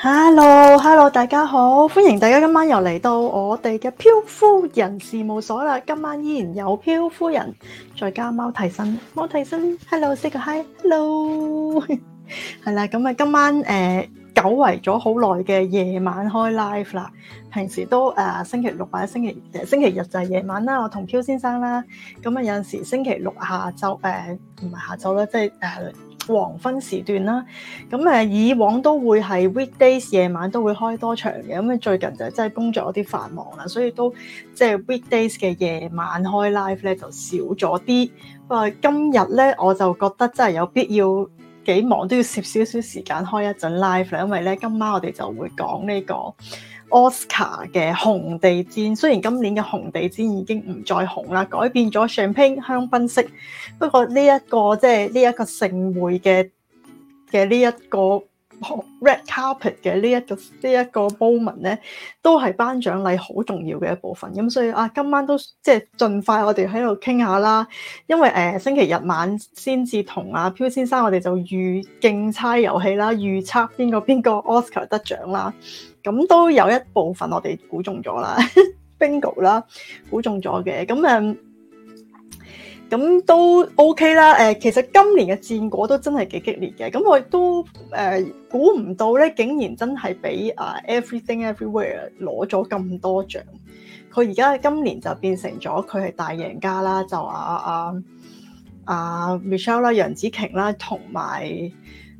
Hello，Hello，hello, 大家好，歡迎大家今晚又嚟到我哋嘅漂夫人事務所啦。今晚依然有漂夫人，再加貓替身，貓替身。Hello，四個嗨。Hello 係 啦。咁啊，今晚誒、呃、久違咗好耐嘅夜晚開 live 啦。平時都誒、呃、星期六或者星期誒星期日就係夜晚啦。我同漂先生啦，咁啊有陣時星期六下晝誒唔係下晝啦，即係誒。呃黃昏時段啦，咁誒以往都會係 weekdays 夜晚都會開多場嘅，咁啊最近就真係工作有啲繁忙啦，所以都即係 weekdays 嘅夜晚開 live 咧就少咗啲。不過今日咧我就覺得真係有必要幾忙都要攝少少時間開一陣 live 啦，因為咧今晚我哋就會講呢個。Oscar 嘅紅地毯，雖然今年嘅紅地毯已經唔再紅啦，改變咗 Champagne 香檳色。不過呢、這、一個即係呢一個盛會嘅嘅呢一個 Red Carpet 嘅、這個這個、呢一個呢一個 moment 咧，都係頒獎禮好重要嘅一部分。咁所以啊，今晚都即係、就是、盡快，我哋喺度傾下啦。因為誒、呃、星期日晚先至同阿飄先生，我哋就預競猜遊戲啦，預測邊個邊個 Oscar 得獎啦。咁都有一部分我哋估中咗啦 ，Bingo 啦，估中咗嘅，咁誒，咁、嗯、都 OK 啦。誒、呃，其實今年嘅戰果都真係幾激烈嘅。咁我亦都誒估唔到咧，竟然真係俾啊 Everything Everywhere 攞咗咁多獎。佢而家今年就變成咗佢係大贏家啦。就啊 uh, uh, Michelle, 啊啊 Michelle 啦，楊紫瓊啦，同、啊、埋。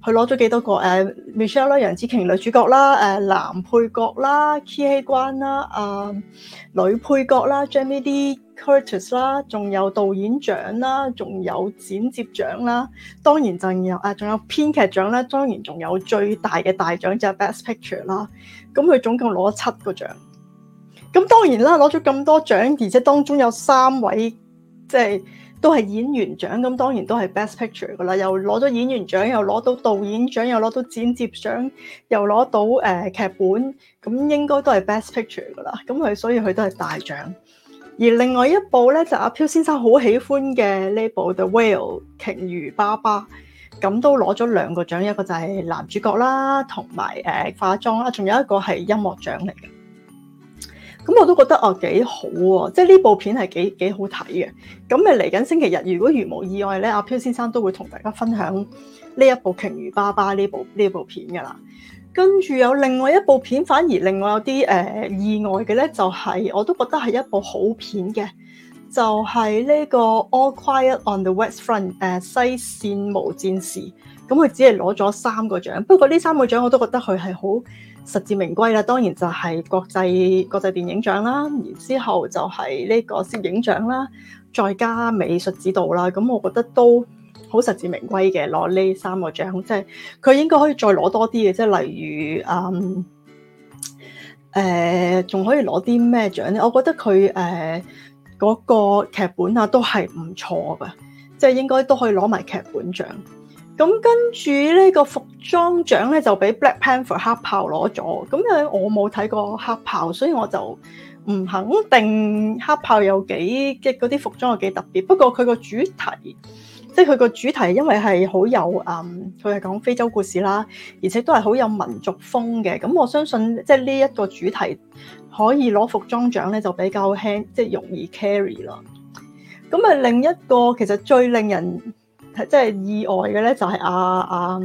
佢攞咗幾多個？誒、uh, Michelle 啦，楊紫瓊女主角啦，誒男配角啦，Key 關啦，啊、呃、女配角啦 Jamie D Curtis 啦，仲有導演獎啦，仲有剪接獎啦，當然就有啊，仲有編劇獎啦，當然仲有最大嘅大獎就係、是、Best Picture 啦。咁佢總共攞咗七個獎。咁當然啦，攞咗咁多獎，而且當中有三位即係。就是都係演員獎，咁，當然都係 best picture 噶啦，又攞咗演員獎，又攞到導演獎，又攞到剪接獎，又攞到誒、呃、劇本，咁應該都係 best picture 噶啦，咁佢所以佢都係大獎。而另外一部咧就是、阿漂先生好喜歡嘅呢部 The Whale 鯨魚爸爸，咁都攞咗兩個獎，一個就係男主角啦，同埋誒化妝啦，仲有一個係音樂獎嚟嘅。咁、嗯、我都覺得哦幾好喎、哦，即係呢部片係幾幾好睇嘅。咁誒嚟緊星期日，如果如無意外咧，阿、啊、漂先生都會同大家分享呢一部《鯨魚爸爸》呢部呢部片㗎喇。跟住有另外一部片，反而令我有啲誒、呃、意外嘅咧，就係、是、我都覺得係一部好片嘅，就係、是、呢、這個《All Quiet on the West Front》誒、呃《西線無戰事》，咁佢、嗯、只係攞咗三個獎，不過呢三個獎我都覺得佢係好。實至名歸啦，當然就係國際國際電影獎啦，然之後就係呢個攝影獎啦，再加美術指導啦，咁我覺得都好實至名歸嘅，攞呢三個獎，即係佢應該可以再攞多啲嘅，即係例如嗯誒，仲、呃、可以攞啲咩獎咧？我覺得佢誒嗰個劇本啊都係唔錯嘅，即係應該都可以攞埋劇本獎。咁跟住呢個服裝獎咧，就俾 Black Panther 黑豹攞咗。咁因為我冇睇過黑豹，所以我就唔肯定黑豹有幾即啲服裝有幾特別。不過佢個主題，即係佢個主題，因為係好有嗯，佢係講非洲故事啦，而且都係好有民族風嘅。咁我相信即係呢一個主題可以攞服裝獎咧，就比較輕，即係容易 carry 咯。咁啊，另一個其實最令人即係意外嘅咧，就係阿阿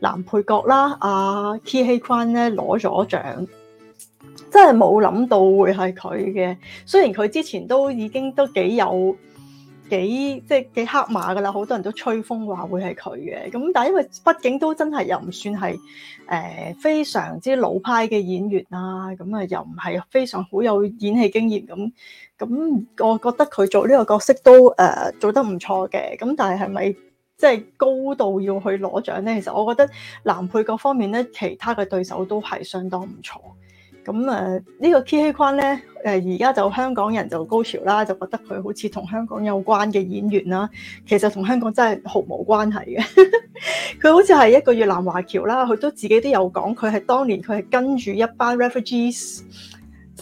男配角啦，阿 Ke Huy Quan 咧攞咗獎，真係冇諗到會係佢嘅。雖然佢之前都已經都幾有幾即係幾黑馬噶啦，好多人都吹風話會係佢嘅。咁但係因為畢竟都真係又唔算係誒、呃、非常之老派嘅演員啦，咁啊又唔係非常好有演戲經驗咁。咁我覺得佢做呢個角色都誒做得唔錯嘅，咁但係係咪即係高度要去攞獎呢？其實我覺得男配角方面咧，其他嘅對手都係相當唔錯。咁誒呢個 Ke Huy Quan 咧，誒而家就香港人就高潮啦，就覺得佢好似同香港有關嘅演員啦，其實同香港真係毫無關係嘅。佢好似係一個越南華僑啦，佢都自己都有講，佢係當年佢係跟住一班 refugees。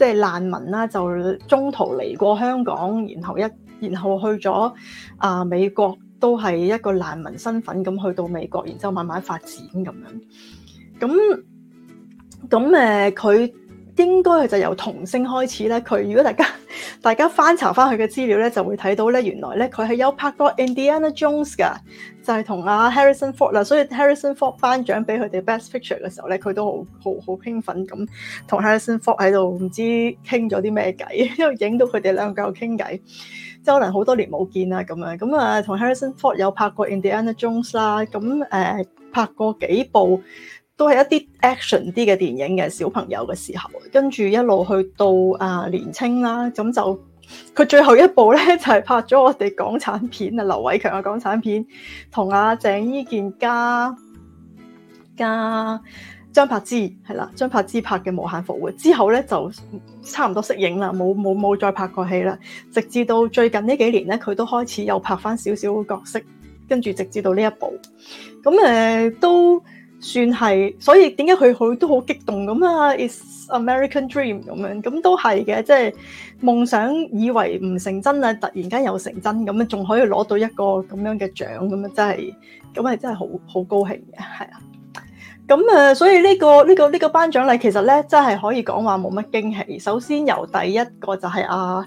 即係難民啦，就中途嚟過香港，然後一然後去咗啊、呃、美國，都係一個難民身份咁去到美國，然之後慢慢發展咁樣。咁咁誒，佢、呃、應該就由童星開始咧。佢如果大家大家翻查返佢嘅資料咧，就會睇到咧，原來咧佢係有拍過 Indiana Jones 㗎。就係同啊 Harrison Ford 嗱，所以 Harrison Ford 頒獎俾佢哋 Best Picture 嘅時候咧，佢都好好好興奮咁，同 Harrison Ford 喺度唔知傾咗啲咩偈，因為影到佢哋兩個傾偈，即可能好多年冇見啊咁啊，咁啊同 Harrison Ford 有拍過 Indiana Jones 啦，咁誒、呃、拍過幾部都係一啲 action 啲嘅電影嘅小朋友嘅時候，跟住一路去到啊年青啦，咁就。佢最後一部咧就係、是、拍咗我哋港產片啊，劉偉強嘅港產片，同阿、啊、鄭伊健加加張柏芝係啦，張柏芝拍嘅《無限復活》之後咧就差唔多息影啦，冇冇冇再拍過戲啦，直至到最近呢幾年咧，佢都開始有拍返少少嘅角色，跟住直至到呢一部，咁誒、呃、都。算係，所以點解佢佢都好激動咁啊？It's American Dream 咁樣，咁都係嘅，即係夢想以為唔成真啊，突然間又成真咁啊，仲可以攞到一個咁樣嘅獎咁啊，樣真係，咁係真係好好高興嘅，係啊。咁啊，所以呢個呢個呢個頒獎禮其實咧，真係可以講話冇乜驚喜。首先由第一個就係啊。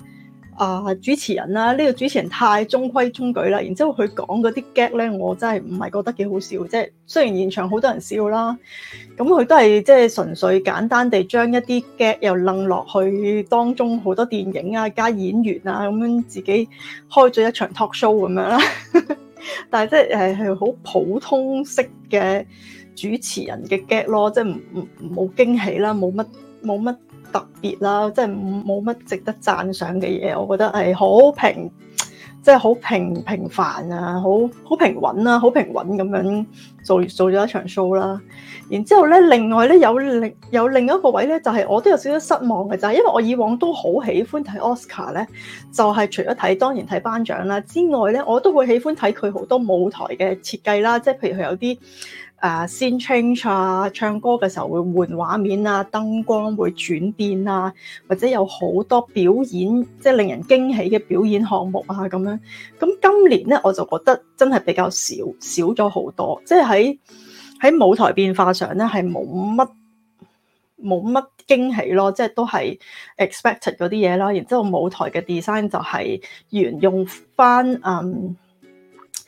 啊！主持人啦，呢、這個主持人太中規中矩啦，然之後佢講嗰啲 gag 咧，我真係唔係覺得幾好笑。即係雖然現場好多人笑啦，咁佢都係即係純粹簡單地將一啲 gag 又掹落去當中好多電影啊、加演員啊咁樣，自己開咗一場 talk show 咁樣啦。 但係即係係係好普通式嘅主持人嘅 gag 咯，即係唔冇驚喜啦，冇乜冇乜。特別啦，即係冇乜值得讚賞嘅嘢，我覺得係好平，即係好平平凡啊，好好平穩啦、啊，好平穩咁樣做做咗一場 show 啦。然之後咧，另外咧有另有另一個位咧，就係、是、我都有少少失望嘅，就係因為我以往都好喜歡睇 Oscar 咧，就係、是、除咗睇當然睇頒獎啦之外咧，我都會喜歡睇佢好多舞台嘅設計啦，即係譬如佢有啲。啊，先、uh, change 啊，唱歌嘅時候會換畫面啊，燈光會轉變啊，或者有好多表演，即係令人驚喜嘅表演項目啊咁樣。咁今年呢，我就覺得真係比較少，少咗好多。即係喺喺舞台變化上呢，係冇乜冇乜驚喜咯，即係都係 expected 嗰啲嘢啦。然之後舞台嘅 design 就係沿用翻嗯。Um,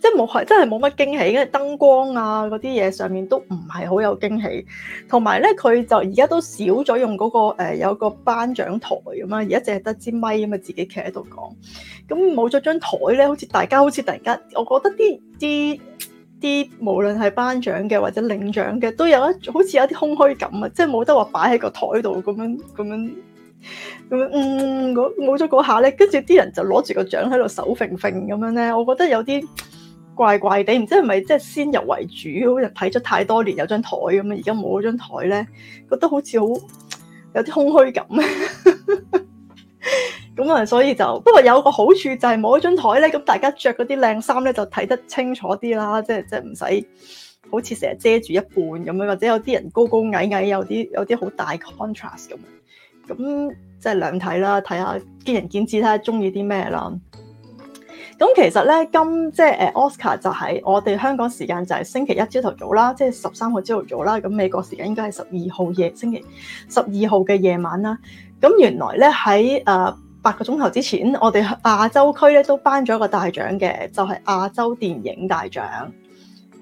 即係冇係，真係冇乜驚喜。因為燈光啊，嗰啲嘢，上面都唔係好有驚喜。同埋咧，佢就而家都少咗用嗰、嗰個誒、呃，有個頒獎台咁啊，而家淨係得支咪咁啊，自己企喺度講。咁冇咗張台咧，好似大家好似突然間，我覺得啲啲啲，無論係頒獎嘅或者領獎嘅，都有，好有一好似有啲空虛感啊，即係冇得話擺喺個台度咁樣咁樣。咁嗯，冇咗嗰下咧，跟住啲人就攞住個獎喺度手揈揈咁樣咧，我覺得有啲怪怪地，唔知係咪即係先入為主，好似睇咗太多年有張台咁樣啊，而家冇咗張台咧，覺得好似好有啲空虛感。咁 啊，所以就不過有個好處就係冇咗張台咧，咁大家着嗰啲靚衫咧就睇得清楚啲啦，即係即係唔使好似成日遮住一半咁樣，或者有啲人高高矮矮，有啲有啲好大 contrast 咁樣。咁即係兩睇啦，睇下見仁見智，睇下中意啲咩啦。咁其實咧，今即係誒、呃、Oscar 就係、是、我哋香港時間就係星期一朝頭早啦，即係十三號朝頭早啦。咁美國時間應該係十二號夜星期十二號嘅夜晚啦。咁原來咧喺誒八個鐘頭之前，我哋亞洲區咧都頒咗一個大獎嘅，就係、是、亞洲電影大獎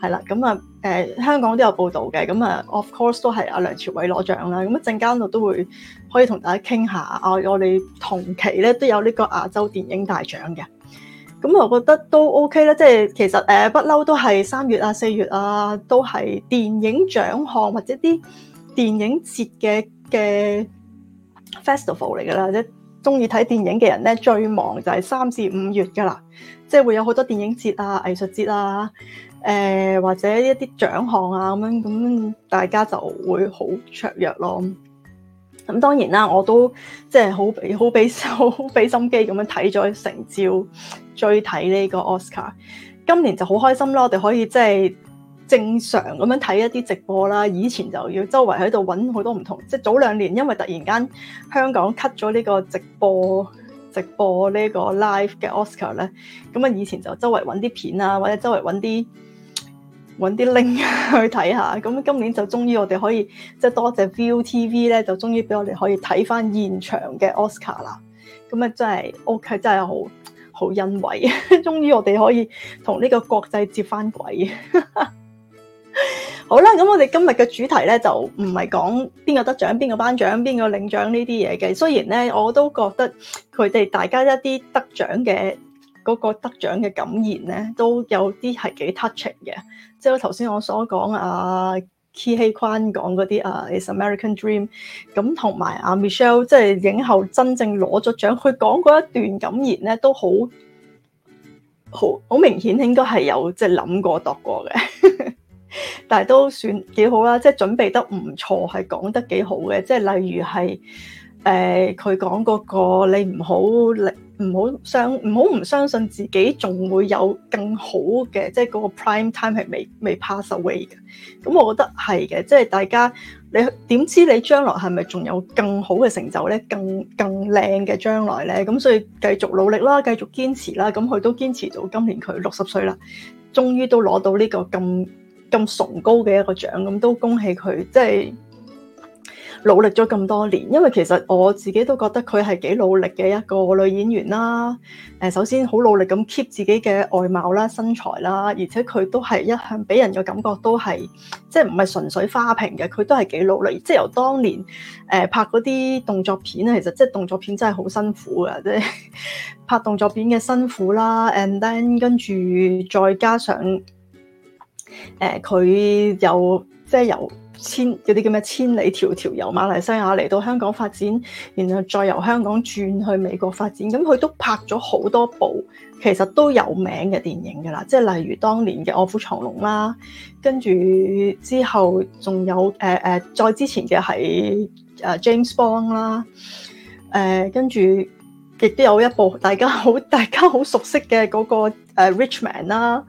係啦。咁啊誒香港都有報道嘅，咁啊 Of course 都係阿梁朝偉攞獎啦。咁啊陣間我都會。可以同大家傾下啊！我哋同期咧都有呢個亞洲電影大獎嘅，咁我覺得都 OK 啦，即係其實誒，不嬲都係三月啊、四月啊，都係電影獎項或者啲電影節嘅嘅 festival 嚟噶啦。或者中意睇電影嘅人咧，最忙就係三至五月噶啦，即係會有好多電影節啊、藝術節啊，誒、呃、或者一啲獎項啊咁樣，咁大家就會好雀躍咯。咁當然啦，我都即係好好俾好俾心機咁樣睇咗成照追睇呢個 Oscar。今年就好開心咯，我哋可以即係正常咁樣睇一啲直播啦。以前就要周圍喺度揾好多唔同，即係早兩年因為突然間香港 cut 咗呢個直播直播呢個 live 嘅 Oscar 咧，咁啊以前就周圍揾啲片啊，或者周圍揾啲。揾啲 link 去睇下，咁今年就終於我哋可以，即係多謝 ViuTV 咧，就終於俾我哋可以睇翻現場嘅 Oscar 啦。咁啊真係 OK，真係好好欣慰，終於我哋可以同呢個國際接翻軌。 好啦，咁我哋今日嘅主題咧就唔係講邊個得獎、邊個頒獎、邊個領獎呢啲嘢嘅。雖然咧我都覺得佢哋大家一啲得獎嘅。嗰個得獎嘅感言咧，都有啲係幾 touching 嘅，即係我頭先我所講啊，Ke Huy Quan 講嗰啲啊 The American Dream，咁同埋阿、啊、Michelle，即係影后真正攞咗獎，佢講嗰一段感言咧，都好好好明顯應該係有即係諗過度過嘅， 但係都算幾好啦，即係準備得唔錯，係講得幾好嘅，即係例如係誒佢講嗰個你唔好。唔好相唔好唔相信自己，仲會有更好嘅，即係嗰個 prime time 係未未 pass away 嘅。咁、嗯、我覺得係嘅，即係大家你點知你將來係咪仲有更好嘅成就咧？更更靚嘅將來咧？咁、嗯、所以繼續努力啦，繼續堅持啦。咁、嗯、佢都堅持到今年佢六十歲啦，終於都攞到呢個咁咁崇高嘅一個獎，咁、嗯、都恭喜佢！即係。努力咗咁多年，因為其實我自己都覺得佢係幾努力嘅一個女演員啦。誒、呃，首先好努力咁 keep 自己嘅外貌啦、身材啦，而且佢都係一向俾人嘅感覺都係即係唔係純粹花瓶嘅，佢都係幾努力。即係由當年誒、呃、拍嗰啲動作片咧，其實即係動作片真係好辛苦呀，即係拍動作片嘅辛苦啦。And then 跟住再加上誒，佢、呃、又，即係有。就是有千啲叫咩？千里迢迢由馬來西亞嚟到香港發展，然後再由香港轉去美國發展，咁佢都拍咗好多部，其實都有名嘅電影㗎啦。即係例如當年嘅《臥虎藏龍》啦，跟住之後仲有誒誒、呃，再之前嘅係誒 James Bond 啦、呃，誒跟住亦都有一部大家好大家好熟悉嘅嗰個 Rich Man 啦、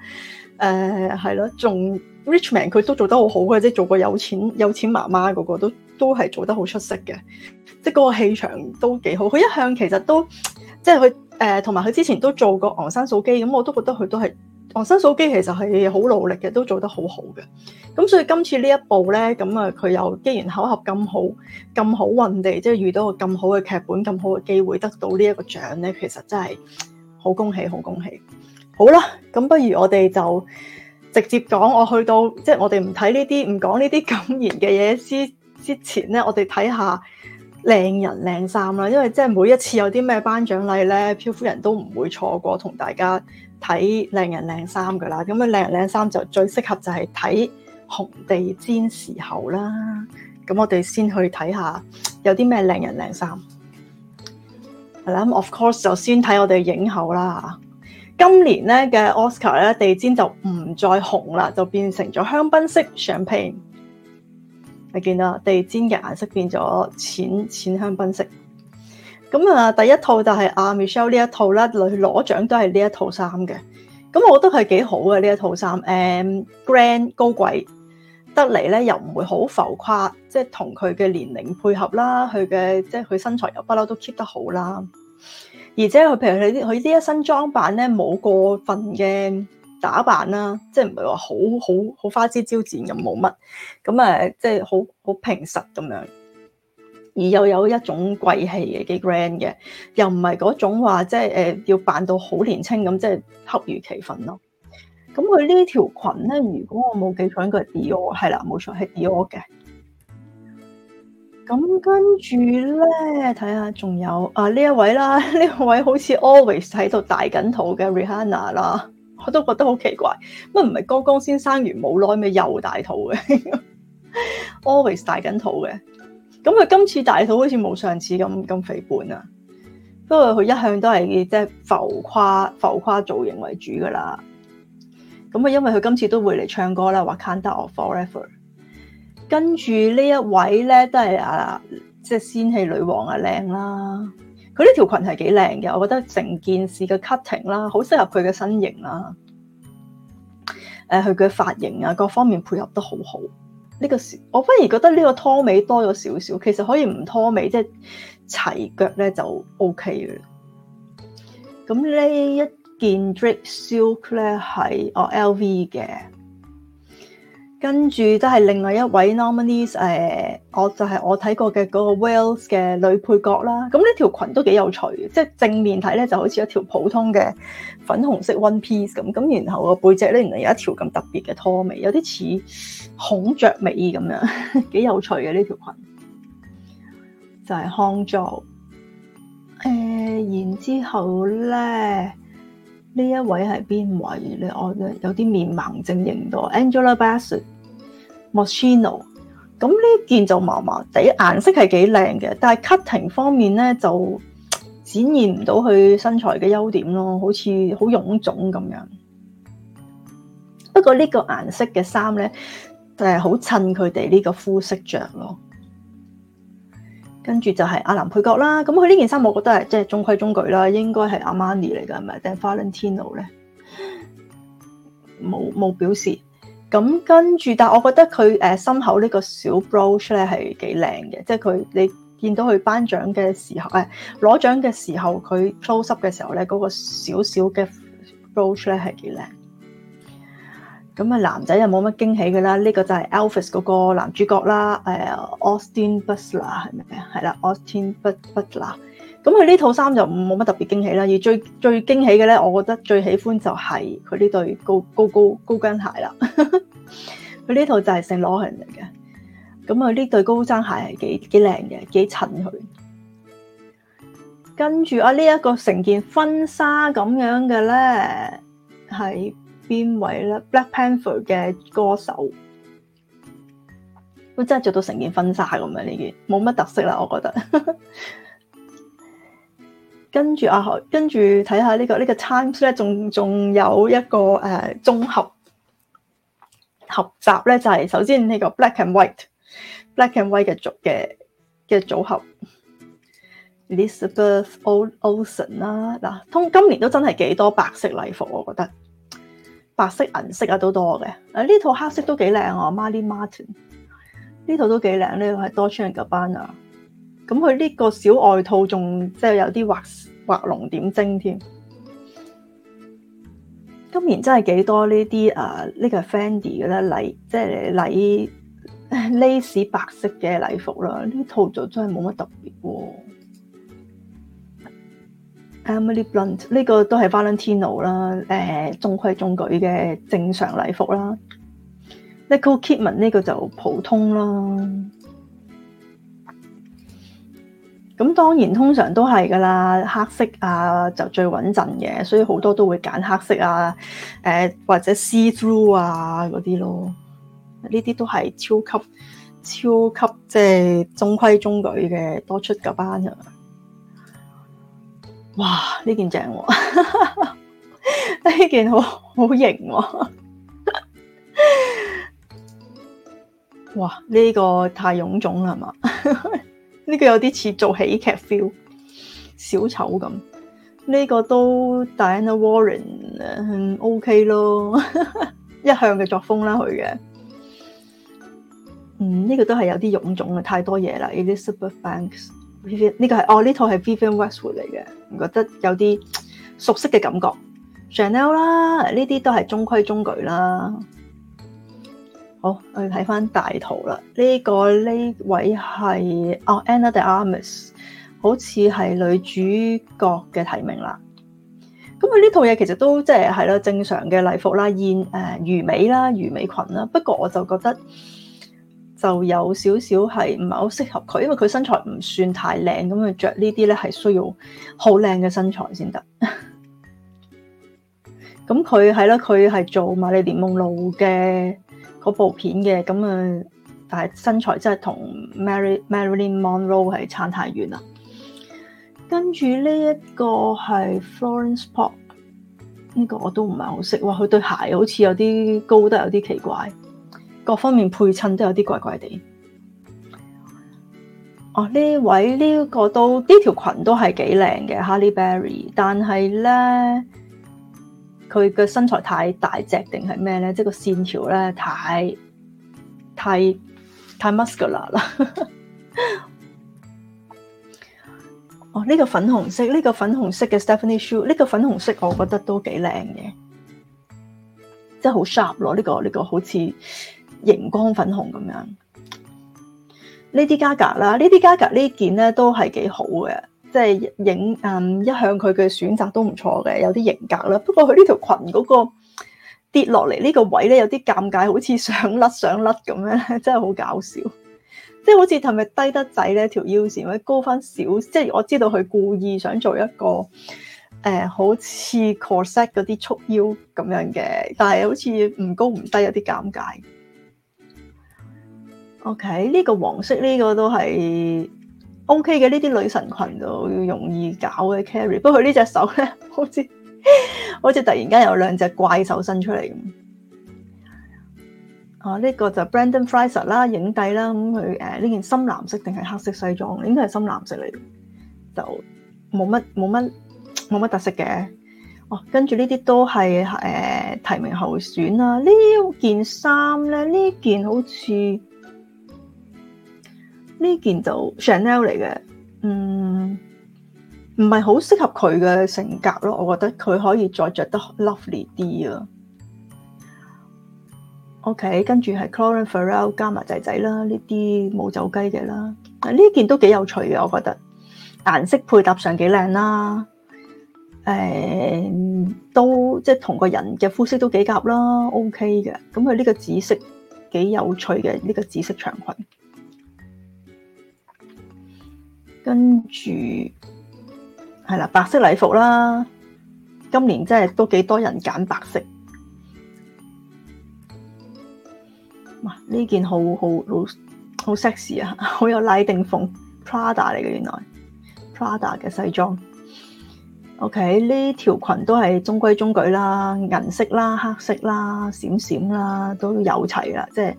呃，誒係咯，仲。Richman 佢都做得好好嘅，即係做過有錢有錢媽媽嗰、嗰個都都係做得好出色嘅，即係嗰個氣場都幾好。佢一向其實都即係佢誒，同埋佢之前都做過《昂山素姬》嗯，咁我都覺得佢都係《昂山素姬》其實係好努力嘅，都做得好好嘅。咁所以今次呢一部咧，咁啊佢又機緣巧合咁好咁好運地，即係遇到個咁好嘅劇本、咁好嘅機會，得到呢一個獎咧，其實真係好恭，恭喜、好恭喜。好啦，咁不如我哋就～直接講，我去到即係、就是、我哋唔睇呢啲，唔講呢啲咁嚴嘅嘢之之前咧，我哋睇下靚人靚衫啦。因為即係每一次有啲咩頒獎禮咧，漂夫人都唔會錯過同大家睇靚人靚衫噶啦。咁、嗯、啊，靚人靚衫就最適合就係睇紅地氈時候啦。咁、嗯、我哋先去睇下有啲咩靚人靚衫。係、嗯、啦，咁 of course 就先睇我哋影后啦。今年咧嘅 Oscar 咧地氈就唔再紅啦，就變成咗香檳色 Champagne。你見啦，地氈嘅顏色變咗淺淺香檳色。咁啊，第一套就係阿 Michelle 呢一套啦，佢攞獎都係呢一套衫嘅。咁我覺得係幾好嘅呢一套衫，誒、嗯，Grand 高貴得嚟咧，又唔會好浮誇，即係同佢嘅年齡配合啦，佢嘅即係佢身材又不嬲都 keep 得好啦。而且佢譬如佢啲佢啲一身裝扮咧冇過分嘅打扮啦，即係唔係話好好好花枝招展咁冇乜，咁啊即係好好平實咁樣，而又有一種貴氣嘅幾 grand 嘅，又唔係嗰種話即係誒、呃、要扮到好年輕咁，即係恰如其分咯。咁佢呢條裙咧，如果我冇記錯應該係 Dior 係啦，冇錯係 Dior 嘅。咁跟住咧，睇下仲有啊呢一位啦，呢位好似 always 喺度大緊肚嘅 Rihanna 啦，我都覺得好奇怪，乜唔係剛剛先生完冇耐咩又大肚嘅 ？Always 大緊肚嘅，咁佢今次大肚好似冇上次咁咁肥胖啊，不過佢一向都係以即係浮誇、浮誇造型為主噶啦，咁啊因為佢今次都會嚟唱歌啦，話 can't love forever。跟住呢一位咧，都係啊，即係仙氣女王啊，靚啦！佢呢條裙係幾靚嘅，我覺得成件事嘅 cutting 啦，好適合佢嘅身形啦、啊。誒、呃，佢嘅髮型啊，各方面配合得好好。呢、這個少，我反而覺得呢個拖尾多咗少少，其實可以唔拖尾，即係齊腳咧就 OK 嘅。咁呢一件 draped silk 咧係我 LV 嘅。跟住都係另外一位 nominees，誒、uh,，我就係我睇過嘅嗰個 Whale 嘅女配角啦。咁呢條裙都幾有趣，即係正面睇咧就好似一條普通嘅粉紅色 one piece 咁。咁然後個背脊咧，原來有一條咁特別嘅拖尾，有啲似孔雀尾咁樣，幾 有趣嘅呢條裙。就係、是、Hong Chau 誒、呃，然之後咧，呢一位係邊位咧？我有啲面盲症認到 Angela Bassett Machino，咁呢件就麻麻哋，顏色係幾靚嘅，但係 cutting 方面咧就展現唔到佢身材嘅優點咯，好似好臃腫咁樣。不過呢個顏色嘅衫咧，誒就係好襯佢哋呢個膚色着咯。跟住就係阿男配角啦，咁佢呢件衫我覺得係即係中規中矩啦，應該係 Armani 嚟嘅，係咪定 Valentino 咧？冇冇表示？咁、嗯、跟住，但係我覺得佢誒、呃、心口呢個小 brooch 咧係幾靚嘅，即係佢你見到佢頒獎嘅時候咧，攞、呃、獎嘅時候佢 close up 嘅時候咧，嗰、那個小小嘅 brooch 咧係幾靚。咁、嗯、啊，男仔又冇乜驚喜嘅啦，呢、這個就係 Elvis 嗰個男主角啦，誒、呃、Austin, Austin Butler 係咪？啊？係啦，Austin b Butler。咁佢呢套衫就冇乜特別驚喜啦，而最最驚喜嘅咧，我覺得最喜歡就係佢呢對高高高高跟鞋啦。佢 呢套就係聖羅蘭嚟嘅，咁啊呢對高踭鞋係幾幾靚嘅，幾襯佢。跟住啊呢一、呢個成件婚紗咁樣嘅咧，係邊位咧？Black Panther 嘅歌手，佢真係做到成件婚紗咁樣呢件，冇乜特色啦，我覺得。 跟住啊，跟住睇下、這個這個、呢個呢個 Times 咧，仲仲有一個誒綜、呃、合合集咧，就係、是、首先呢個 Black and White、Black and White 嘅組嘅嘅組合 Elizabeth Olsen 啦，嗱、啊，通、啊、今年都真係幾多白色禮服，我覺得白色銀色啊都多嘅。啊，呢套黑色都幾靚啊 Marie Martin，呢套都幾靚，呢、這個係 Dolce and Gabbana 啊。咁佢呢個小外套仲即係有啲畫畫龍點睛添。今年真係幾多呢啲啊？呢、這個 Fendi 嘅咧禮即係禮 Lace 白色嘅禮服啦。呢套就真係冇乜特別喎、啊。Emily Blunt 呢個都係 Valentino 啦、呃，誒中規中矩嘅正常禮服啦。Nicole Kidman 呢個就普通啦。咁當然通常都係噶啦，黑色啊就最穩陣嘅，所以好多都會揀黑色啊，誒、呃、或者 see through 啊嗰啲咯，呢啲都係超級超級即係中規中矩嘅多出嘅班人、啊。哇，呢件正喎、啊，呢 件好好型喎、啊，哇， 呢、呢個太臃腫啦，係嘛？ 呢個有啲似做喜劇 feel，小丑咁。呢、這個都 Diana Warren，OK、嗯 OK、咯， 一向嘅作風啦佢嘅。嗯，呢、這個都係有啲臃腫嘅，太多嘢啦。呢啲 Superfans，k 呢個係哦呢套係 Vivian Westwood 嚟嘅，唔、這個、覺得有啲熟悉嘅感覺。Chanel 啦，呢啲都係中規中矩啦。好，我哋睇翻大圖啦。呢、呢個呢位係哦 Anna de Armas，好似係女主角嘅提名啦。咁佢呢套嘢其實都即係係啦，正常嘅禮服啦、燕誒魚尾啦、魚尾裙啦。不過我就覺得就有少少係唔係好適合佢，因為佢身材唔算太靚，咁佢着呢啲咧係需要好靚嘅身材先得。咁佢係啦，佢係做瑪麗蓮夢露嘅。嗰部片嘅咁啊，但係身材真係同 Mar, Marilyn Monroe 係差太遠啦。跟住呢一個係 Florence Popp，呢個我都唔係好識。哇，佢對鞋好似有啲高得有啲奇怪，各方面配襯都有啲怪怪地。哦，呢位呢、這個都呢條裙都係幾靚嘅 Halle Berry，但係咧。佢嘅身材太大隻定係咩咧？即係個線條咧，太、太、太 muscular 啦。 哦，呢、這個粉紅色，呢、這個粉紅色嘅 Stephanie Hsu，呢個粉紅色我覺得都幾靚嘅，即係好 sharp 咯。呢、這個呢、這個好似熒光粉紅咁樣 Lady Gaga。Lady Gaga 啦，Lady Gaga 呢件咧都係幾好嘅。即係影嗯，一向佢嘅選擇都唔錯嘅，有啲型格啦。不過佢呢條裙嗰個跌落嚟呢個位咧，有啲尷尬，好似想甩想甩咁樣，真係好搞笑。即係好似係咪低得滯呢條腰線，高返少。即係我知道佢故意想做一個誒、呃，好似 corset 嗰啲束腰咁樣嘅，但係好似唔高唔低，有啲尷尬。OK，呢個黃色呢個都係。O K 嘅呢啲女神裙就容易搞嘅 carry，不過佢呢隻手咧，好似 好似突然間有兩隻怪手伸出嚟咁。啊，呢、這個就 Brandon Fraser 啦，影帝啦，咁佢誒呢件深藍色定係黑色西裝，應該係深藍色嚟，就冇乜冇乜冇乜特色嘅。哦、啊，跟住呢啲都係誒、呃、提名候選啦、啊。件呢件衫咧，呢件好似～呢件就 Chanel 嚟嘅，嗯，唔係好適合佢嘅性格咯。我覺得佢可以再着得 lovely 啲咯。OK，跟住係 Colin Farrell 加埋仔仔啦，呢啲冇走雞嘅啦。嗱，呢件都幾有趣嘅，我覺得顏色配搭上幾靚啦。誒、嗯，都即係同個人嘅膚色都幾夾啦。OK 嘅，咁佢呢個紫色幾有趣嘅呢、呢個紫色長裙。跟住，係啦，白色禮服啦，今年真係都幾多人揀白色。哇，呢件好好好好 sexy 啊，好有拉丁風，Prada 嚟嘅原來，Prada 嘅西裝。OK，呢條裙都係中規中矩啦，銀色啦、黑色啦、閃閃啦，都有齊啦，即係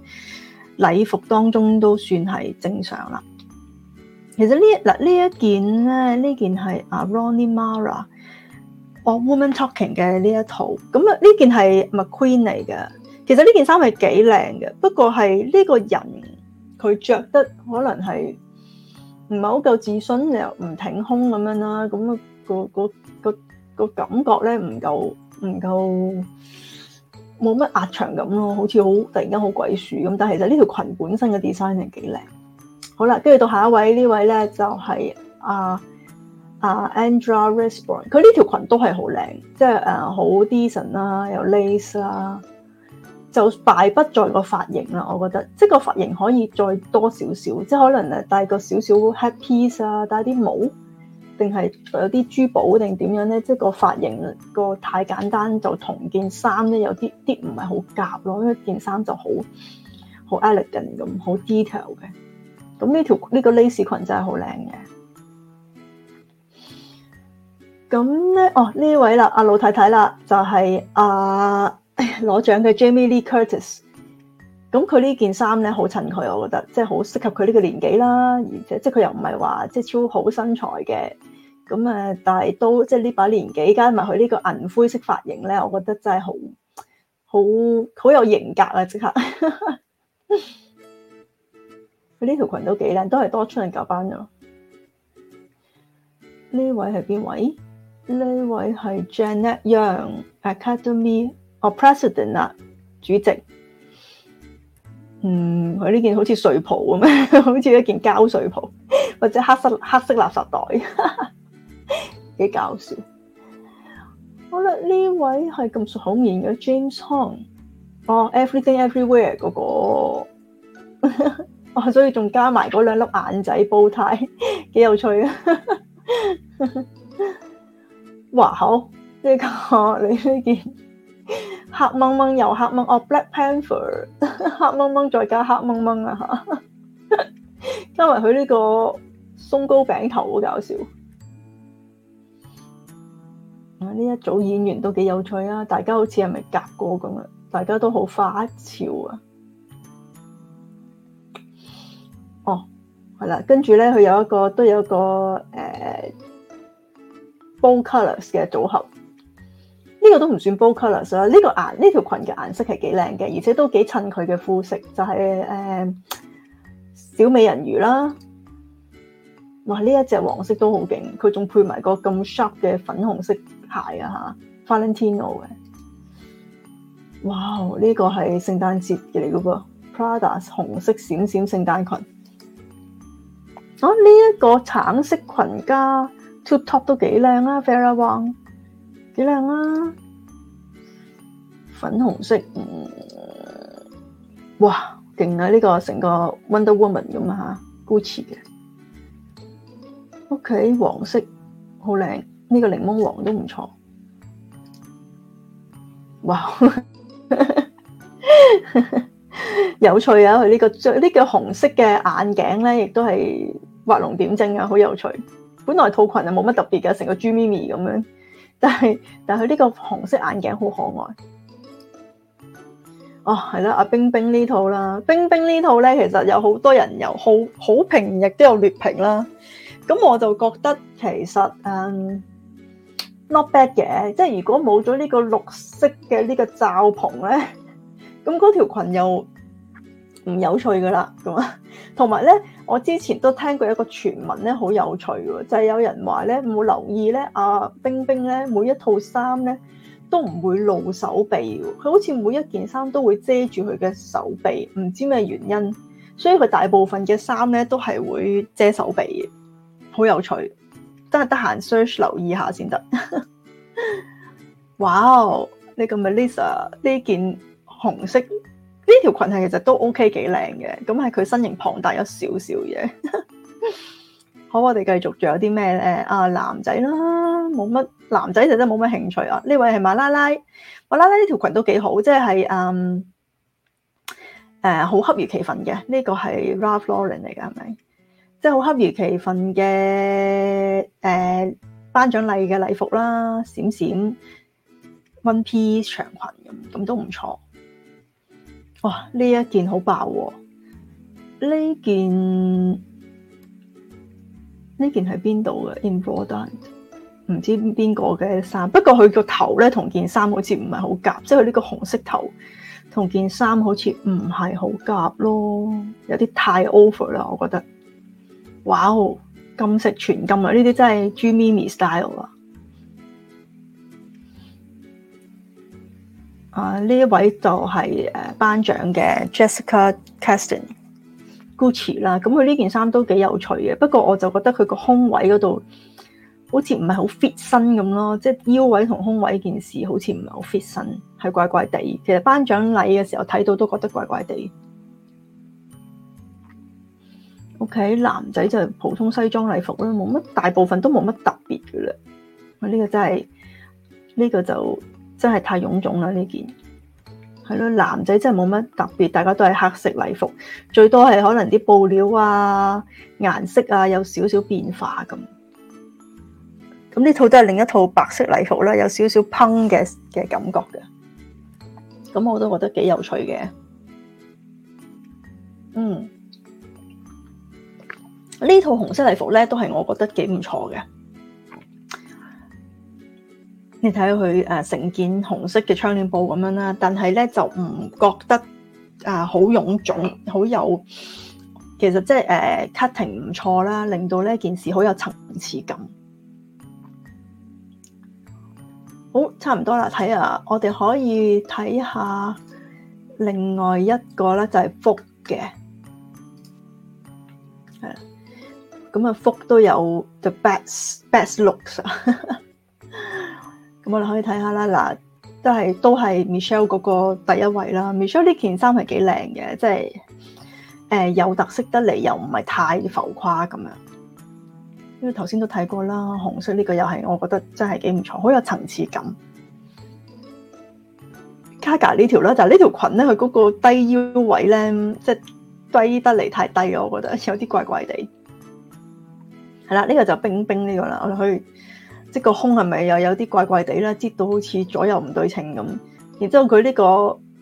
禮服當中都算係正常啦。其實呢一嗱呢一件咧，呢件係阿 Rooney Mara or、oh, Women Talking 嘅呢一套。咁啊呢件係 McQueen 嚟嘅。其實呢件衫係幾靚嘅，不過係呢個人佢着得可能係唔係好夠自信又唔挺胸咁樣啦。咁、那、啊個個個個，個感覺咧唔夠唔夠冇乜壓場感咯，好似好突然間好鬼鼠咁。但係其實呢條裙本身嘅 design 係幾靚。好啦，跟住到下一位，位呢位咧，就係阿阿 Andrea Riseborough。佢呢條裙都係好靚，即係誒好 decent 啦、啊，有 lace 啦、啊，就敗筆在個髮型啦、啊。我覺得，即個髮型可以再多少少，即係可能誒戴個少少 headpiece 啊，戴啲帽，定係有啲珠寶定點樣咧？即個髮型個太簡單，就同件衫咧有啲啲唔係好夾咯，因為件衫就好好 elegant 咁，好 detail 嘅。咁呢條呢個 lace 裙真係好靚嘅。咁咧，哦呢位啦，阿老太太啦，就係阿攞獎嘅 Jamie Lee Curtis。咁佢呢件衫咧，好襯佢，我覺得即係好適合佢呢個年紀啦。而且即係佢又唔係話即係超好身材嘅。咁啊，但係都即係呢把年紀加埋佢呢個銀灰色髮型咧，我覺得真係好好好有型格啊！即刻。 佢呢條裙都幾靚，都係多出人教班咗。呢位係邊位？呢位係 Janet Yang Academy 哦，President 啊，主席。嗯，佢呢件好似睡袍咁樣，好似一件膠睡袍，或者黑色黑色垃圾袋，幾搞笑。我覺得呢位係咁熟口面嘅 James Hong。哦，Everything Everywhere 嗰個。哦、所以仲加埋嗰兩粒眼仔煲呔，幾有趣啊！ 哇！好，呢、這個、啊、你呢件黑掹掹又黑掹哦、啊，Black Panther 黑掹掹再加黑掹掹啊！嚇、啊， 加埋佢呢個鬆糕餅頭好搞笑。啊！呢一組演員都幾有趣啊！大家好似係咪夾過咁啊？大家都好花俏啊！係啦，跟住咧，佢有一個都有一個誒 bold colours 嘅組合，呢、這個都唔算 bold colours 啦。呢、這個顏呢條裙嘅顏色係幾靚嘅，而且都幾襯佢嘅膚色。就係、是、誒、呃、小美人魚啦，哇！呢一隻黃色都好勁，佢仲配埋個咁 sharp 嘅粉紅色鞋啊！吓、啊、Valentino 嘅，哇！呢、這個係聖誕節嚟嘅噃，Prada 紅色閃閃聖誕裙。哦，呢一、啊，這個橙色裙加 tube top 都幾靚啊，fair one 幾靚啊，粉紅色嗯，哇勁啊！呢、這個成個 Wonder Woman 咁啊吓，Gucci 嘅。屋、okay，企黃色好靚，呢、這個檸檬黃都唔錯。哇， 有趣啊！呢、這個呢、這個紅色嘅眼鏡咧，亦都係。畫龍點睛啊，好有趣！本來套裙啊冇乜特別嘅，成個豬咪咪咁樣，但係但係佢呢個紅色眼鏡好可愛。哦、啊，係啦，阿、啊、冰冰呢套啦，冰冰套呢套咧，其實有好多人有好好評，亦都有劣評啦。咁我就覺得其實嗯 not bad 嘅，即係如果冇咗呢個綠色嘅呢個罩篷咧，咁嗰條裙又。唔有趣噶啦，咁啊，同埋咧，我之前都聽過一個傳聞咧，好有趣喎，就係有人話咧，冇留意咧，阿冰冰咧每一套衫咧都唔會露手臂，佢好似每一件衫都會遮住佢嘅手臂，唔知咩原因，所以佢大部分嘅衫咧都係會遮手臂，好有趣，真係得閒 search 留意下先得。 哇，呢個 Melissa 呢件紅色。呢條裙係其實都 OK 幾靚嘅，咁係佢身形龐大有少少嘅。 好，我哋繼續，仲有啲咩咧？啊，男仔啦，冇乜男仔，就真冇乜興趣啊！呢位係馬拉拉，馬拉拉呢條裙都幾好，即係誒誒好恰如其分嘅。呢、這個係 Ralph Lauren 嚟㗎，係咪？即係好恰如其分嘅誒頒獎禮嘅禮服啦，閃閃 one piece 長裙咁，咁都唔錯。哇！呢一件好爆哦，呢件呢件係邊度嘅？i n v o r l a n t 唔知邊個嘅衫，不過佢個頭咧同件衫好似唔係好夾，即係佢呢個紅色頭同件衫好似唔係好夾咯，有啲太 over 啦，我覺得。哇！金色全金啊，呢啲真係 G mini style 啊！啊，呢一位就係誒頒獎嘅 Jessica Chastain Gucci 啦，咁佢呢件衫都幾有趣嘅，不過我就覺得佢個胸位嗰度好似唔係好 fit 身咁咯，即係腰位同胸位件事好似唔係好 fit 身，係怪怪地。其實頒獎禮嘅時候睇到都覺得怪怪地。OK，男仔就普通西裝禮服啦，冇乜大部分都冇乜特別嘅啦。呢、啊呢個真係呢、呢個就。真係太臃腫啦！呢件係咯，男仔真係冇乜特別，大家都係黑色禮服，最多係可能啲布料啊、顏色啊有少少變化咁。咁呢套都係另一套白色禮服啦，有少少 punk 嘅嘅感覺嘅。咁我都覺得幾有趣嘅。嗯，呢套紅色禮服咧，都係我覺得幾唔錯嘅。你睇下佢誒成件紅色嘅窗簾布咁樣啦，但係咧就唔覺得誒好，呃、臃腫，好有其實即係誒 cutting 唔錯啦，令到呢件事好有層次感。好、哦，差唔多啦，睇下，我哋可以睇下另外一個咧，就係、是、福嘅誒，咁、嗯、啊福都有 the best best looks 咁我哋可以睇下啦，嗱，都係都係 Michelle 嗰個第一位啦。Michelle 呢件衫係幾靚嘅，即係誒有特色得嚟，又唔係太浮誇咁樣。因為頭先都睇過啦，紅色呢個又係我覺得真係幾唔錯，好有層次感。Gaga 呢條啦，就係呢條裙咧，佢嗰個低腰位咧，即係低得嚟太低，我覺得有啲怪怪地。係啦，呢個就冰冰呢個啦，我哋可以。即個胸係咪又有啲怪怪地啦？擠到好似左右唔對稱咁，然之後佢呢個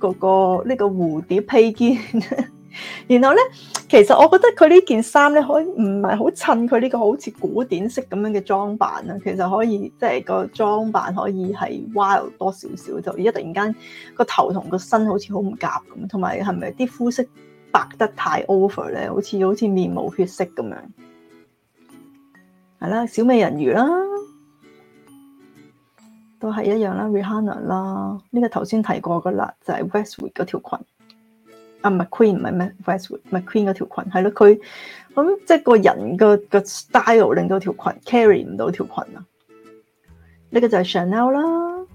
嗰個呢個蝴蝶披肩， 然後咧，其實我覺得佢呢件衫咧，可以唔係好襯佢呢個好似古典式咁樣嘅裝扮啊。其實可以即係個裝扮可以係 wild 多少少，就而家突然間個頭同個身好似好唔夾咁，同埋係咪啲膚色白得太 over 咧？好似好似面無血色咁樣。係啦，小美人魚啦。都係一樣啦 Rihanna 啦，呢、這個頭先提過噶啦，就係、是、Westwood 嗰條裙，啊唔係 McQueen 唔係咩 Westwood，唔係 McQueen 嗰條裙，係咯，佢咁即係個人個個 style 令到條裙 carry 唔到條裙啊。呢、這個就係 Chanel 啦，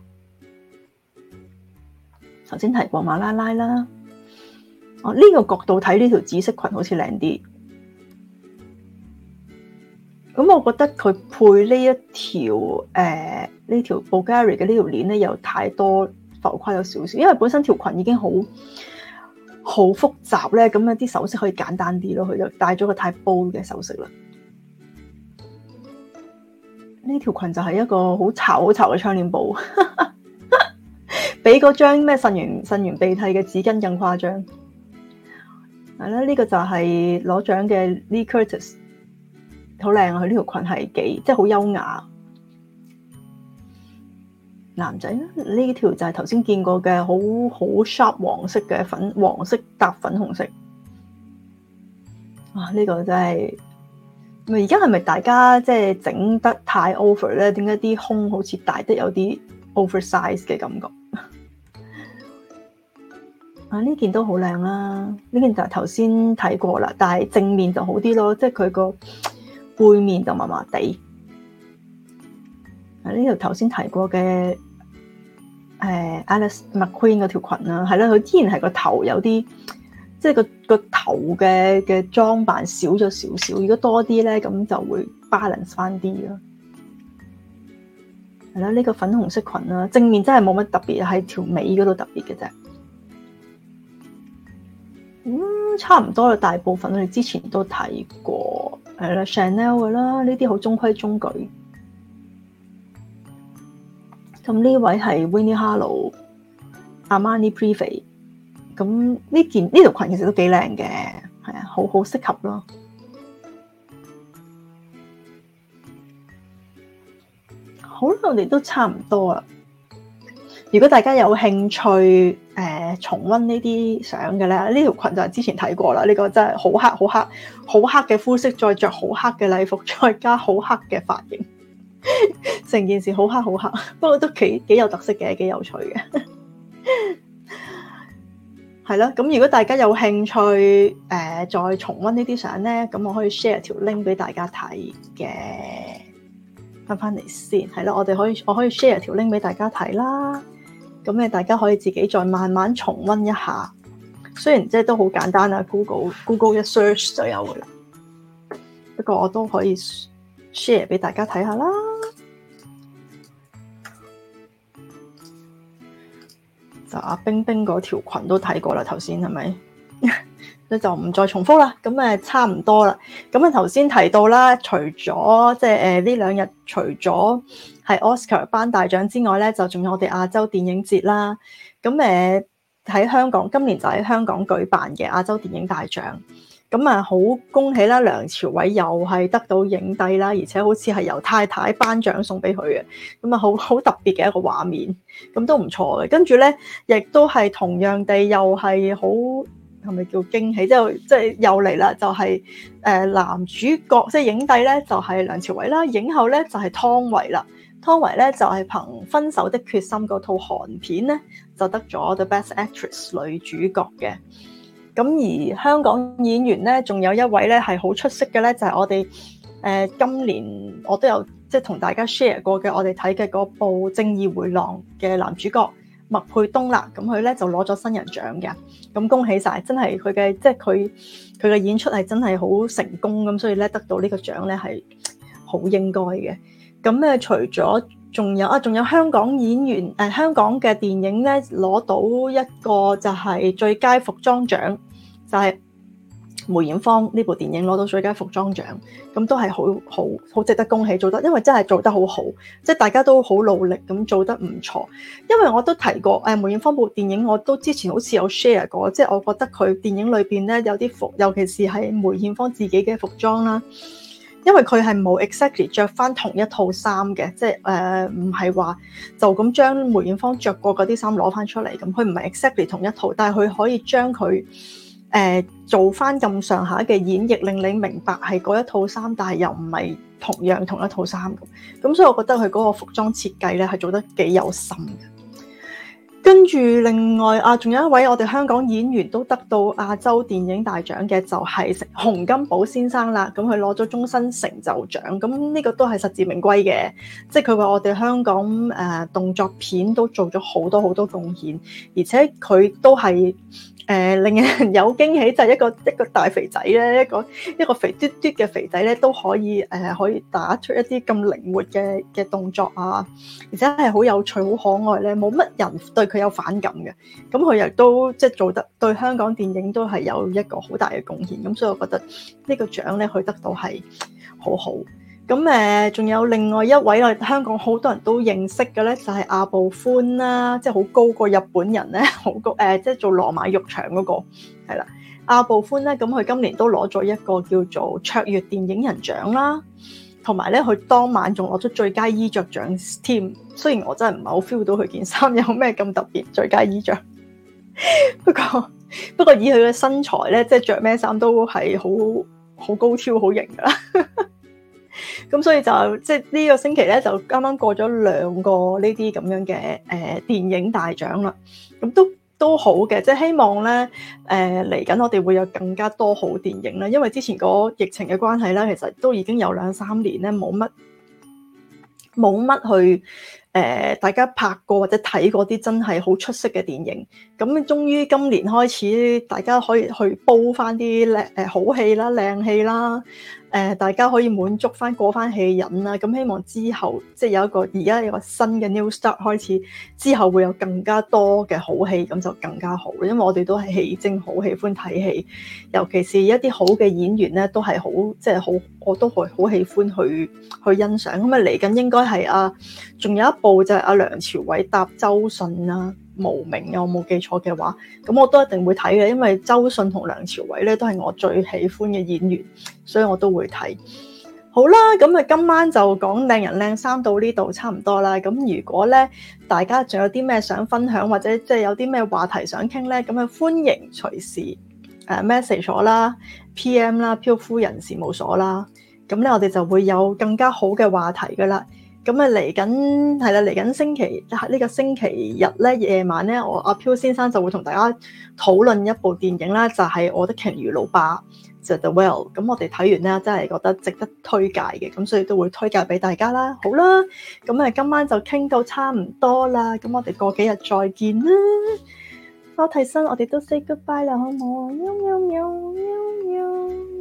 頭先提過馬拉拉啦，哦、啊，呢、這個角度睇呢條紫色裙好似靚啲。咁我覺得佢配一條、呃、條條呢一條誒呢條 Bulgari 嘅呢條鏈咧，又太多浮誇咗少少，因為本身條裙已經好好複雜咧，咁咧啲首飾可以簡單啲咯，佢就帶咗個太 bold 嘅首飾啦。呢條 裙就係一個好醜好醜嘅窗簾布，比嗰張咩擤完擤完鼻涕嘅紙巾更誇張。係啦，呢個就係攞獎嘅 Lee Curtis。好靚啊！佢呢條裙係幾，即係好優雅。男仔呢條就係頭先見過嘅，好好 sharp 黃色嘅粉黃色搭粉紅色。啊！呢個真係咪而家係咪大家即係整得太 over 咧？點解啲胸好似大得有啲 oversize 嘅感覺？啊！呢件都好靚啦，呢件就係頭先睇過啦，但係正面就好啲咯，即係佢個。背面就麻麻地，啊，呢度頭先提過嘅，誒、啊、Alice McQueen 嗰條裙啊，係啦，佢依然係個頭有啲，即係個個頭嘅嘅裝扮少咗少少，如果多啲咧，咁就會 balance 翻啲咯。係啦，呢、呢個粉紅色裙啦、啊，正面真係冇乜特別，係條尾嗰度特別嘅啫。嗯，差唔多啦，大部分我哋之前都睇過。係啦，Chanel 嘅啦，呢啲好中規中矩。咁呢位係 Winnie Harlow，Armani Privé。咁呢件呢條裙其實都幾靚嘅，係啊，好好適合咯。好啦，我哋都差唔多啦。如果大家有興趣，誒、uh。重溫呢啲相嘅咧，呢條裙就係之前睇過啦。呢、這個真係好黑好黑好黑嘅膚色，再着好黑嘅禮服，再加好黑嘅髮型，成 件事好黑好黑。不過都幾幾有特色嘅，幾有趣嘅。係 咯，咁如果大家有興趣，誒、呃，再重溫呢啲相咧，咁我可以 share 條 link 俾大家睇嘅。翻翻嚟先，係咯，我哋可以，我可以 share 條 link 俾大家睇啦。咁咧，大家可以自己再慢慢重溫一下。雖然即係都好簡單啦，Google Google 一 search 就有噶啦。不過我都可以 share 俾大家睇下啦。就阿、啊、冰冰嗰條裙都睇過啦，頭先係咪？咁 就唔再重複啦。咁誒，差唔多啦。咁啊，頭先提到啦，除咗即係誒呢兩日，除咗，係 Oscar 頒大獎之外咧，就仲有我哋亞洲電影節啦。咁誒喺香港，今年就喺香港舉辦嘅亞洲電影大獎。咁啊，好恭喜啦！梁朝偉又係得到影帝啦，而且好似係由太太頒獎送俾佢嘅。咁啊，好好特別嘅一個畫面，咁都唔錯嘅。跟住咧，亦都係同樣地又，又係好係咪叫驚喜？即係即係又嚟啦！就係、是、誒、就是、男主角即係、就是、影帝咧，就係、是、梁朝偉啦。影后咧就係湯唯啦。湯唯咧就係憑《分手的決心》嗰套韓片咧，就得咗 The Best Actress 女主角嘅。咁而香港演員咧，仲有一位咧係好出色嘅咧，就係、是、我哋誒、呃、今年我都有即係同大家 share 過嘅，我哋睇嘅嗰部《正義迴廊》嘅男主角麥佩東啦。咁佢咧就攞咗新人獎嘅。咁恭喜晒，真係佢嘅即係佢佢嘅演出係真係好成功咁，所以咧得到個獎，呢個獎咧係好應該嘅。咁咧、嗯，除咗仲有啊，仲有香港演員誒、呃，香港嘅電影咧攞到一個就係最佳服裝獎，就係、是、梅艷芳呢部電影攞到最佳服裝獎，咁、嗯、都係好好好值得恭喜做得，因為真係做得好好，即、就、係、是、大家都好努力咁做得唔錯。因為我都提過誒、呃，梅艷芳部電影我都之前好似有 share 過，即、就、係、是、我覺得佢電影裏邊咧有啲服，尤其是係梅艷芳自己嘅服裝啦。因為佢係冇 exactly 著翻同一套衫嘅，即係誒唔係話就咁將梅艷芳着過嗰啲衫攞翻出嚟咁，佢唔係 exactly 同一套，但係佢可以將佢誒、呃、做翻咁上下嘅演繹，令你明白係嗰一套衫，但係又唔係同樣同一套衫咁，咁所以我覺得佢嗰個服裝設計咧係做得幾有心嘅。跟住另外啊，仲有一位我哋香港演員都得到亞洲電影大獎嘅，就係、是、洪金寶先生啦。咁佢攞咗終身成就獎，咁、嗯、呢、這個都係實至名歸嘅。即係佢話我哋香港誒、呃、動作片都做咗好多好多貢獻，而且佢都係誒、呃、令人有驚喜，就係、是、一個一個大肥仔咧，一個一個肥嘟嘟嘅肥仔咧都可以誒、呃、可以打出一啲咁靈活嘅嘅動作啊，而且係好有趣、好可愛咧，冇乜人對佢。有反感嘅，咁佢亦都即係、就是、做得對香港電影都係有一個好大嘅貢獻，咁所以我覺得個呢個獎咧佢得到係好好。咁誒，仲、呃、有另外一位我哋香港好多人都認識嘅咧，就係、是、阿部寬啦，即係好高過日本人咧，好高誒、呃，即係做羅馬浴場嗰、那個係啦。阿部寬咧，咁佢今年都攞咗一個叫做卓越電影人獎啦。同埋咧，佢當晚仲攞出最佳衣着獎添。雖然我真係唔係好 feel 到佢件衫有咩咁特別，最佳衣着，不過不過，不過以佢嘅身材咧，即係着咩衫都係好好高挑，好型㗎喇。咁 所以就即係呢個星期咧，就啱啱過咗兩個呢啲咁樣嘅誒、呃、電影大獎啦。咁都。都好嘅，即係希望咧，誒嚟緊我哋會有更加多好電影啦。因為之前個疫情嘅關係咧，其實都已經有兩三年咧冇乜冇乜去誒、呃，大家拍過或者睇過啲真係好出色嘅電影。咁、嗯、咧，終於今年開始，大家可以去煲翻啲靚誒好戲啦、靚戲啦。誒、呃，大家可以滿足翻過翻戲癮啦，咁、嗯、希望之後即係有一個而家有一個新嘅 new start 開始，之後會有更加多嘅好戲，咁就更加好。因為我哋都係戲精好，好喜歡睇戲，尤其是一啲好嘅演員咧，都係好即係好，我都好，好喜歡去去欣賞。咁、嗯、啊，嚟緊應該係啊，仲有一部就係阿、啊、梁朝偉搭周迅啦。無名嘅，我冇記錯嘅話，咁我都一定會睇嘅，因為周迅同梁朝偉咧都係我最喜歡嘅演員，所以我都會睇。好啦，咁啊，今晚就講靚人靚衫到呢度差唔多啦。咁如果咧，大家仲有啲咩想分享，或者即係有啲咩話題想傾咧，咁啊歡迎隨時誒、呃、message 我啦，PM 啦，漂夫人事務所啦。咁咧，我哋就會有更加好嘅話題噶啦。咁啊，嚟緊係啦，嚟緊星期喺呢個星期日咧夜晚咧，我阿、啊、漂先生就會同大家討論一部電影啦，就係、是《我的鯨魚老爸》就 The Whale 咁我哋睇完咧，真係覺得值得推介嘅，咁、嗯、所以都會推介俾大家啦。好啦，咁、嗯、啊今晚就傾到差唔多啦，咁、嗯、我哋過幾日再見啦。貓替身，我哋都 say goodbye 啦，好唔好？喵喵喵喵喵。